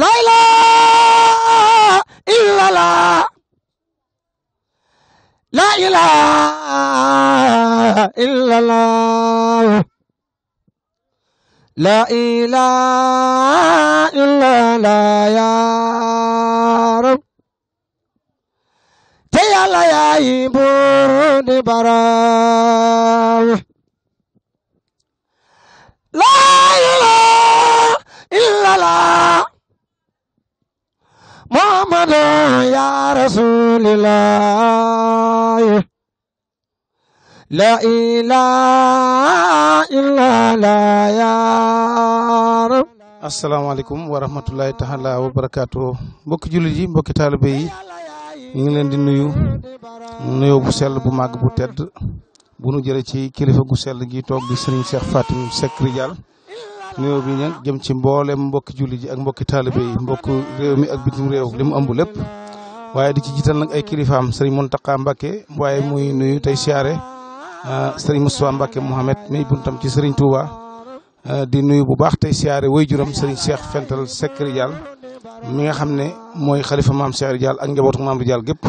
la ilaha illallah la ilaha illallah la ilaha illallah ya rab te yàlla yaay buur di baraam la ilaha illallah لنا يا رسول الله لا إله إلا الله يا رب asalaamaaleykum wa rahmatulahi taala wa barakaatu mbokki jullit yi mbokki taalibe yi ñu ngi leen di nuyu nuyoo bu sell bu màgg bu tedd bu nu jëlee ci kilifa gu sell gi toog di sëriñ Cheikh Fatim Seck Ridial nuyoo bi nag jëm ci mboolem mbokki julli ji ak mbokki taalibe yi mbokk réew mi ak bitim réew li mu ëmb lépp waaye di ci jiital nag ay kilifaam sëriñ Mountakha Mbacké waaye muy nuyu tey siyaare ah, sëriñ Moustapha Mbacké Mouhamed mi buntam ci sëriñ Touba ah, di nuyu bu baax tey siyaare waajuram sëriñ Cheikh Fental Seck Ridial mi nga xam ne mooy xalifa maam Cheikh Ridial ak njabootu maam Ridial gépp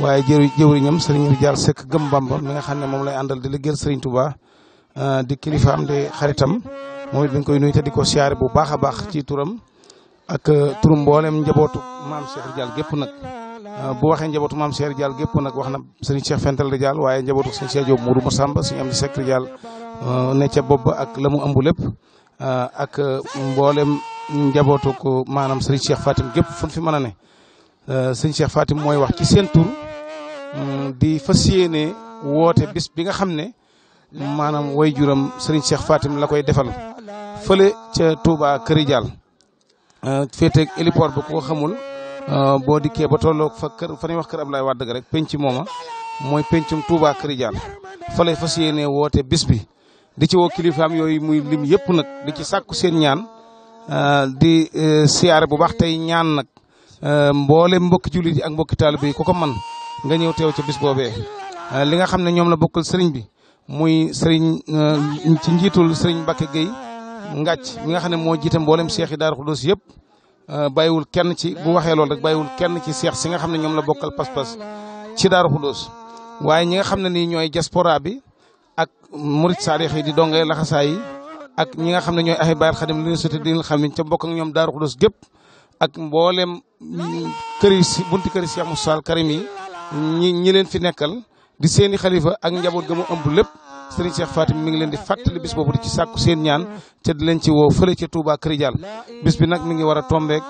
waaye jëw jëwriñam sëriñ Ridial Seck Gëm Bamba mi nga xam ne moom lay àndal di liggéeyal sëriñ Touba ah, di kilifaam di xaritam moom it dañ koy nuyu te di ko siyaare bu baax a baax ci turam ak euh, tur mboolem njabootu maam Cheikh Dial gépp nag euh, bu waxee njabootu maam Cheikh Dial gépp nag wax na sëriñ Cheikh Fental Dial waaye njabootu sëriñ Cheikh Diop Mourou Massamba sëriñ Amdi Seck Dial euh, ne ca bopp ba ak la mu ëmb lépp ak mboolem njabootu maanaam sëriñ Cheikh Fatim gépp fu fi mën a ne sëriñ Cheikh Fatim mooy wax ci seen tur mm, di fas yéene woote bis bi nga xam ne maanaam way juram sëriñ Cheikh Fatim la koy defal fële ca Touba Këri Dial euh, féeteeg héliport bi ko xamul euh, boo dikkee ba tolloo fa kër fa ñuy wax kër Ablaye Wade rek penc mooma mooy pencum Touba Këri Dial fa lay fas yéenee woote bis bi di ci woo kilifaam yooyu muy lim yëpp nag di ci sàkku seen ñaan euh, di siyaare bu baax tey ñaan nag mboole mbokki jullit yi ak mbokki taalibe yi ko man nga ñëw teew ca bis boobee li nga xam ne ñoom la bokkul sëriñ bi muy sëriñ ci njiitul sëriñ Mbacke Gueye ngàcc mi nga xam ne moo jiite mboolem seex yi Daaru Xudoos yëpp euh, bayewul kenn ci bu waxee loolu rek bàyyiwul kenn ci seex si nga xam ne ñoom la bokkal pas-pas ci Daaru Xudoos waaye ñi nga xam ne nii ñooy diaspora bi ak murit saadix yi di dongee laxasaa yi ak ñi nga xam ne ñooy ay bayal xadim li ñu sotti di xam ne ca bokk ak ñoom Daaru Xudoos gépp ak mboolem kër yi si kër yi Seex Muusaa Al Karim yi ñi ñi leen fi nekkal di seeni xalifa ak njaboot ga mu ëmb lépp Serigne Cheikh Fatim mi ngi leen di fàttali bis boobu di ci sàkku seen ñaan te di ci woo fële ca Touba Kër Dial bis bi nag mi ngi war a tombeek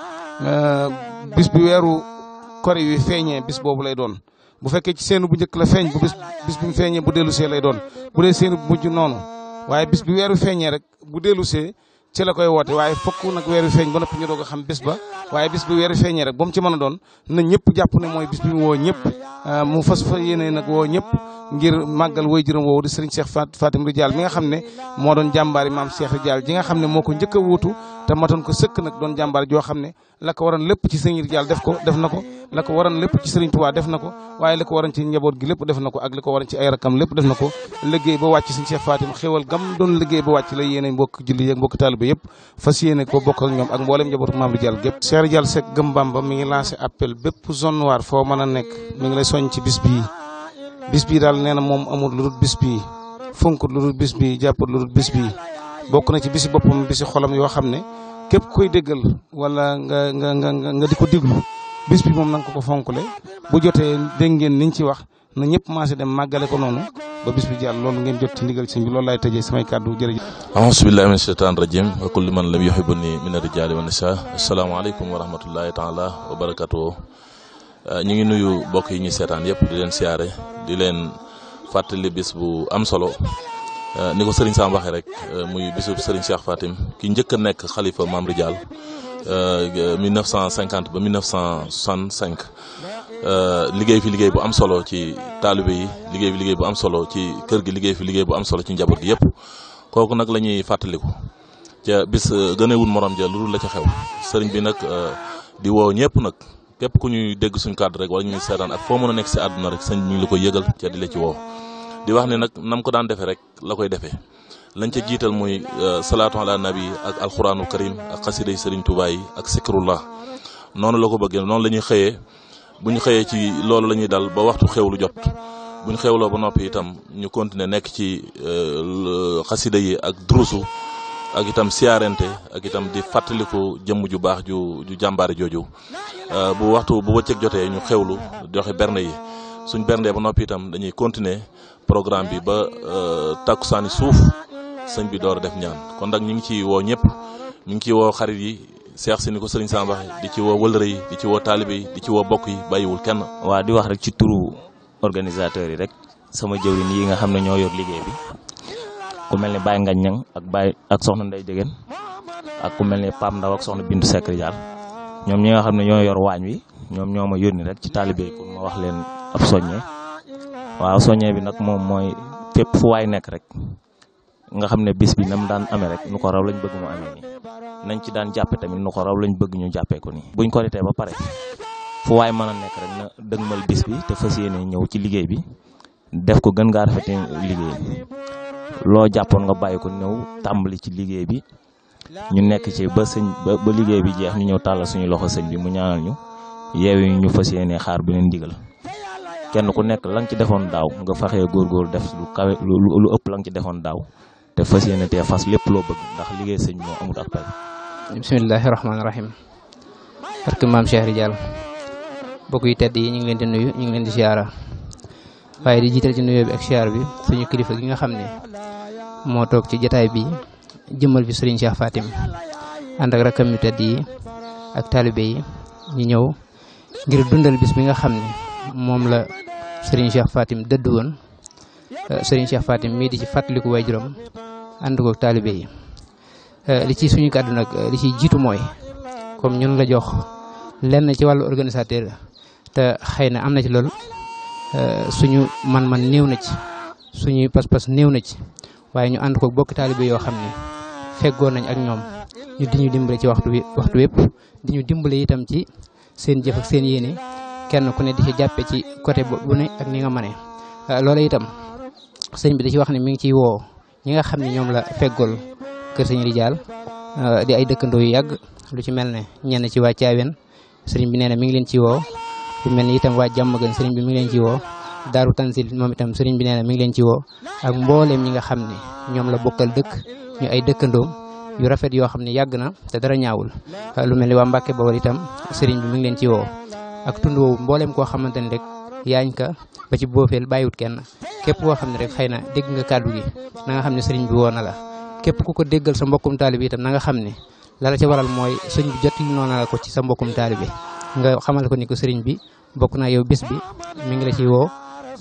euh, bis bi weeru kori wi feeñee bis boobu lay doon. bu fekkee ci seenu bu njëkk la feeñ bu bis bis bu mu feeñee bu dellusee lay doon bu dee seenu bu mujj noonu waaye bis bi weeru feeñee rek bu dellusee ci la koy woote waaye fokk nag weeru feeñ ba noppi ñu a xam bis ba waaye bis bi weeru feeñee rek mu ci mën a doon na ñëpp jàpp ne mooy bis woo ñëpp euh, mu fas fa yéene nag woo ñëpp ngir màggal way juróom woowu di sëriñ Cheikh Fatim Ridial mi nga xam ne moo doon jàmbaari maam Cheikh Ridial ji nga xam ne moo ko njëkk a wuutu te matoon ko sëkk nag doon jàmbaar joo xam ne la ko waroon lépp ci sëriñ Ridial def ko def na ko la ko waroon lépp ci sëriñ Tuubaa def na ko waaye la ko waroon ci njaboot gi lépp def na ko ak la ko waroon ci ay rakam na ko liggéey ba wàcc sëriñ Cheikh Fatim xéwal gam doon liggéey ba wàcc la yéene mbokk julli yi ak mbokk taalibe yëpp fas yéene ko bokk ak ñoom ak mboolem njabootu maam Ridial gépp Cheikh Ridial Seck gëm Bamba mi ngi lancé appel bépp zone noire a nekk mi ngi lay soñ ci bis bii bis bii daal nee na moom amul lu dul bis bii funkut lu dul bis bii jàpput lu dul bis bokk na ci bisi boppam bisi xolam yoo xam ne képp koy déggal wala nga nga nga nga di ko diglu bis moom na nga ko fonk le bu jotee dégg ngeen niñ ci wax na ñëpp maase dem màggale ko noonu ba bis jàll loolu ngeen jot ci ndigal sëñ bi loolu laay tëjee samay kàddu jërëjëf aousu billahi min sheytaan rajim wa kulli man lam yuhibbu ni min arrijaali wa nisa asalaamaaleykum wa rahmatullahi taala wa Euh, ñu ngi nuyu mbokk yi ñu seetaan yëpp di leen siyaare di leen fàttali bis bu am solo euh, ni ko Serigne Sam waxee rek euh, muy bisub Serigne Cheikh Fatim ki njëkk a nekk xalifa Mame Ridial 1950 ba 1965 liggéey fi liggéey bu am solo ci taalibe yi liggéey fi liggéey bu am solo ci kër gi liggéey fi liggéey bu am solo ci njaboot gi yëpp kooku nag la ñuy fàttaliku ca bis gënewul morom ja lu dul la ca xew sëriñ bi nag di woo ñëpp nag. képp ku ñuy dégg suñ kàddu rek wala ñuy seetaan ak foo mën a nekk si àdduna rek sëñ ñu la koy yëgal ca di la ci wow di wax ne nag nam ko daan defee rek la koy defee lañ ca jiital muy euh, salaatu ala nabi ak alxuraanul karim ak xasida yi sëriñ Tuubaa yi ak la noonu la ko bëggee noonu la ñuy xëyee bu ñu xëyee ci loolu la ñuy dal ba waxtu xewlu jot bu ñu xewloo ba noppi itam ñu continuer nekk ci euh, xasida yi ak drusu ak itam siyaarente ak itam di fàttaliku jëmm ju baax ju ju jàmbaare jooju euh, bu waxtu bu wëccëg jotee ñu xewlu joxe bernde yi suñ bernde ba noppi itam dañuy continuer programme bi ba euh, takkusaani suuf sëñ bi door a def ñaan kon nag ñu ngi ciy woo ñëpp ñu ngi ciy woo xarit yi seex si ni ko sëriñ Samba di ci woo wëllëre yi di ci woo taalibe yi di ci woo bokk yi bàyyiwul kenn. waa di wax rek ci turu organisateurs yi rek sama jëwriñ yi nga xam ne ñoo yor liggéey bi. ku mel ni Baye Ngagne Niang ak Baye ak soxna nday Diegane ak ku mel ni Pape Ndaw ak soxna bindu Seck ñoom ñi nga xam ne ñoo yor waañ wi ñoom ñoo ma yónni rek ci taalibe yi pour ma wax leen ab soññee waaw soññee bi nag moom mooy fépp fu waay nekk rek nga xam ne bis bi nam daan amee rek nu ko raw lañ bëgg mu amee nii nañ ci daan jàppe tamit nu ko raw lañ bëgg ñu jàppee ko nii. buñ ko ritee ba pare fu waay mën a nekk rek na dëgmal bis bi te fas yéene ñëw ci liggéey bi def ko gën ngaa rafetee liggéey loo jàppoon nga bàyyi ko ñëw tàmbali ci liggéey bi ñu nekk ci ba sëñ ba ba liggéey bi jeex ñu ñëw tàllal suñu loxo sëñ bi mu ñaanal ñu yeewi ñu fas yéene xaar beneen ndigal kenn ku nekk la nga ci defoon daaw nga faxee góor def lu kawe lu ëpp la nga ci defoon daaw te fas yéene tee fas lépp loo bëgg ndax liggéey sëñ moo amut ak pay bismillahi rahmaani rahim barke maam Cheikh Ridial bokk yi tedd yi ñu ngi di nuyu ñu ngi leen di ziara waaye di jiital ci nuyoo bi ak siyaar bi suñu kilifa gi nga xam ne moo toog ci jataay bi jëmal bi sëriñ Cheikh Fatim ànd ak rakkam yu tedd yi ak taalibe yi ñu ñëw ngir dundal bis bi nga xam ne moom la sëriñ Cheikh Fatim dëdd woon euh, sëriñ Cheikh Fatim mii di ci fàttaliku juróom ànd ko ak yi euh, li ci suñu kàddu nag li ciy jiitu mooy comme ñun la jox lenn ci wàllu organisateur te xëy na am na ci loolu Eh, suñu man-man néew na ci suñuy pas-pas néew na ci waaye ñu ànd ko bokk taalibe yoo xam ne feggoon nañ ak ñoom ñu di ñu dimbale ci waxtu wi waxtu wépp di ñu dimbale itam ci seen jëf ak seen yéene kenn ku ne di ci jàppee ci côté bu ne ak ni nga mënee eh, loola itam sëñ bi da ci wax ne mi ngi ciy woo ñi nga xam ne ñoom la feggool kër sëñ Rijaal eh, di ay dëkkandoo yu yàgg lu ci mel ne ñenn ci waa Caawen bi nee na mi ngi leen ci woo lu mel ni itam waa jàmm gën sëriñ bi mu ngi leen ci woo daaru tansil moom itam sëriñ bi nee na mi ngi leen ci woo ak mbooleem ñi nga xam ne ñoom la bokkal dëkk ñu ay dëkkandoom yu rafet yoo xam ne yàgg na te dara ñaawul lu mel ni waa Mbàkke Bawol itam sëriñ bi mi ngi leen ci woo ak tund woowu mbooleem koo xamante ne rek yaañ ka ba ci boofeel bàyyiwut kenn képp koo xam ne rek xëy na dégg nga kàddu gi na nga xam ne sëriñ bi woo na la képp ku ko déggal sa mbokkum taalibe itam na nga xam ne la la ca waral mooy sëñ bi ci sa mbokkum taalibe nga xamal ko ni ko sëriñ bi bokk naa yow bis bi mi ngi la ci woo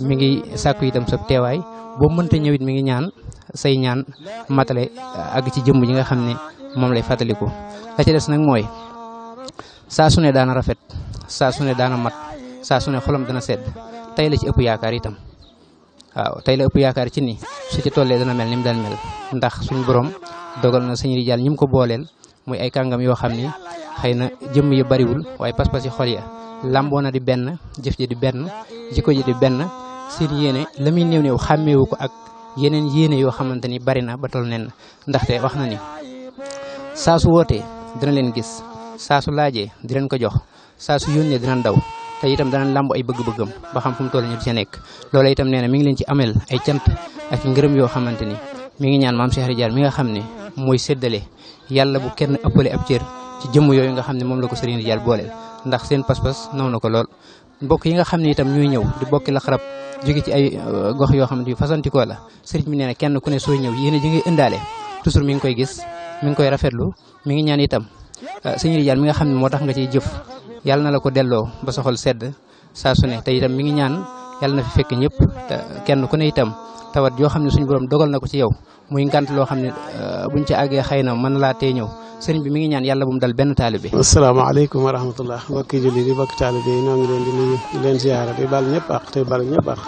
mi ngi sàkku itam sa teewaay boo mënta ñëw it mi ngi ñaan say ñaan matale uh, àgg ci jëmm ji nga xam ne moom lay fàttaliku. la ci des nag mooy saa su ne daana rafet saa su ne daana mat saa su ne xolam dana sedd tey la ci ëpp yaakaar itam waaw tey la ëpp yaakaar ci ni su ci tollee dana mel ni mu daan mel ndax suñu borom dogal na sëñ Rijaal ñi ko booleel muy ay kàngam yoo xam ni xay na jëmm yi bariwul waaye pas-pas yi xol ya lamboo na di benn jëf ji di benn jikko ji di benn seen yéene la muy néew néew xàmmeewu ko ak yeneen yéene yoo xamante ni bari na ba tol nen ndaxte wax na ni saa su wootee dina leen gis saa su laajee di leen ko jox saa su yónnee dinañ daw te itam danañ làmb ay bëgg-bëggam ba xam fu mu toll ñu di ca nekk loola itam nee na mi ngi leen ci ameel ay cant ak ngërëm yoo xamante ni mi ngi ñaan maam Cheikh Ridial mi nga xam ne mooy séddale yàlla bu kenn ëppale ab cër ci jëmm yooyu nga xam ne moom la ko Serigne Ridial booleel ndax seen pas-pas naw na ko lool mbokk yi nga xam ne itam ñuy ñëw di bokki la xarab jóge ci ay euh, gox yoo xam ne fasantikoo la Serigne bi nee na kenn ku ne sooy ñëw yéen a ji ngay toujours mi ngi koy gis mi ngi koy rafetlu mi ngi ñaan itam euh, Serigne Ridial mi nga xam ne moo tax nga ciy jëf yàlla na la ko delloo ba soxol sedd saa su ne te itam mi ngi ñaan yàlla na fi fekk ñëpp kenn ku ne itam tawat yoo xam ne suñ borom dogal na ko ci yow muy ngant loo xam ne euh, buñ ci àggee xëy na mën laa tee ñëw sëriñ bi mi ngi ñaan yàlla bu mu dal benn taalibe. asalaamaaleykum wa rahmatullah mbokki julli di mbokki taalibe yi ñoo ngi leen di nuyu di leen ziara di bal ñëpp ak tey bal ñëpp ak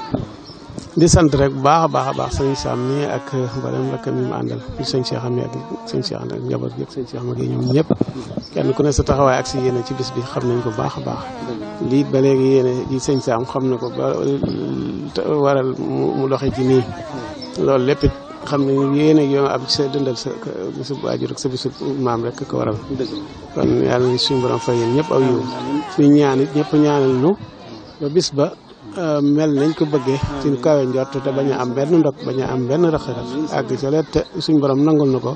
di sant rek bu baax a baax a baax sëñ Sam mi ak mboolem rakk mi mu àndal sëñ Cheikh Ahmed ak sëñ Cheikh ànd ak njaboot yëpp sëñ Cheikh Ahmed ñëpp kenn ku ne sa taxawaay ak si yéene ci bis bi xam nañ ko baax baax lii ba léegi ji sëñ Sam xam na ko ba waral mu doxe ci nii loolu lépp xam ne yéene yoo ab ci sa dundal sa bisu maam rek ko waral kon yàlla ni suñu borom fay yéen ñëpp aw yiw suñu ñaan it ñëpp nu ba bis ba euh, mel nañ ko bëggee ci kawe njort te bañ a am benn ndok bañ a am benn rëq-rëq àgg leet te suñu borom nangul na ko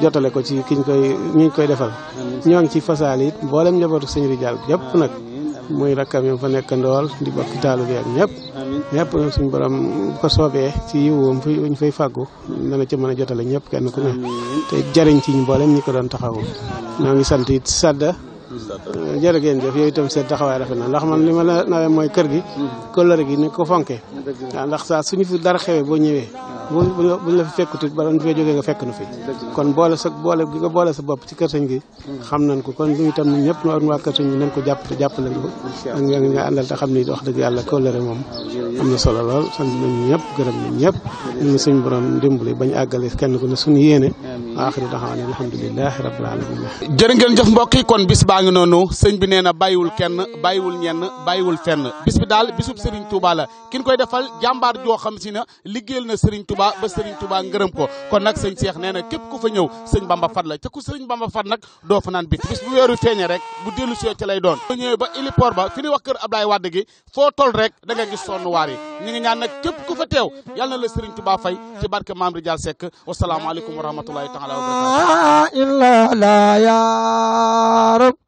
jotale ko ci kiñ koy ñu koy defal ñoo ngi ci fasaal it mboolem njabootu sëñ Rijaal yëpp nag muy rakkam fa nekk ndool di bokk ñëpp ñëpp suñu borom bu ko soobee ci yiwoom fu ñu fay fàggu ci mën a jotale ñëpp kenn ku ne te jariñ ci ñu mboolem ñi ko doon taxawu ñoo ngi sant it sadda jërë ngeen jëf yooyu itam seen taxawaay rafet na ndax man li ma la nawee mooy kër gi mm-hmm. kóllëre gi ni ko fonke waaw ndax saa suñu fi dara xewee boo ñëwee bu buñ la fi fekkutut bala nga fee jógee nga fekk nu fi kon boole sa boole gi nga boole sa bopp ci kër sëñ gi xam nañ ko kon ñu itam ñëpp nu waa kër sëñ gi nañ ko jàpp te jàppale ko ak nga nga àndal te xam ni wax dëgg yàlla bis baa ngi noonu sëñ bi nee bàyyiwul kenn bàyyiwul ñenn bàyyiwul fenn bis bi daal bisub Serigne Touba kin koy defal jàmbaar joo xam si na liggéeyal na Serigne Touba Touba ba Serigne Touba ngërëm ko kon nag sëñ Cheikh nee na képp ku fa ñëw sëñ Bamba fat la te ku sëñ Bamba fat nag doo fa naan bis bu weeru feeñe rek bu dellu see ci lay doon ñëwee ba héliport ba fi ni wax kër Ablaye Wade gi foo tol rek da nga sonn waar yi ñaan nag képp ku fa teew yàlla na la Serigne Touba fay ci barke Maam Rijaal Seck wasalaamaaleykum wa rahmatullahi taala wa barakatuh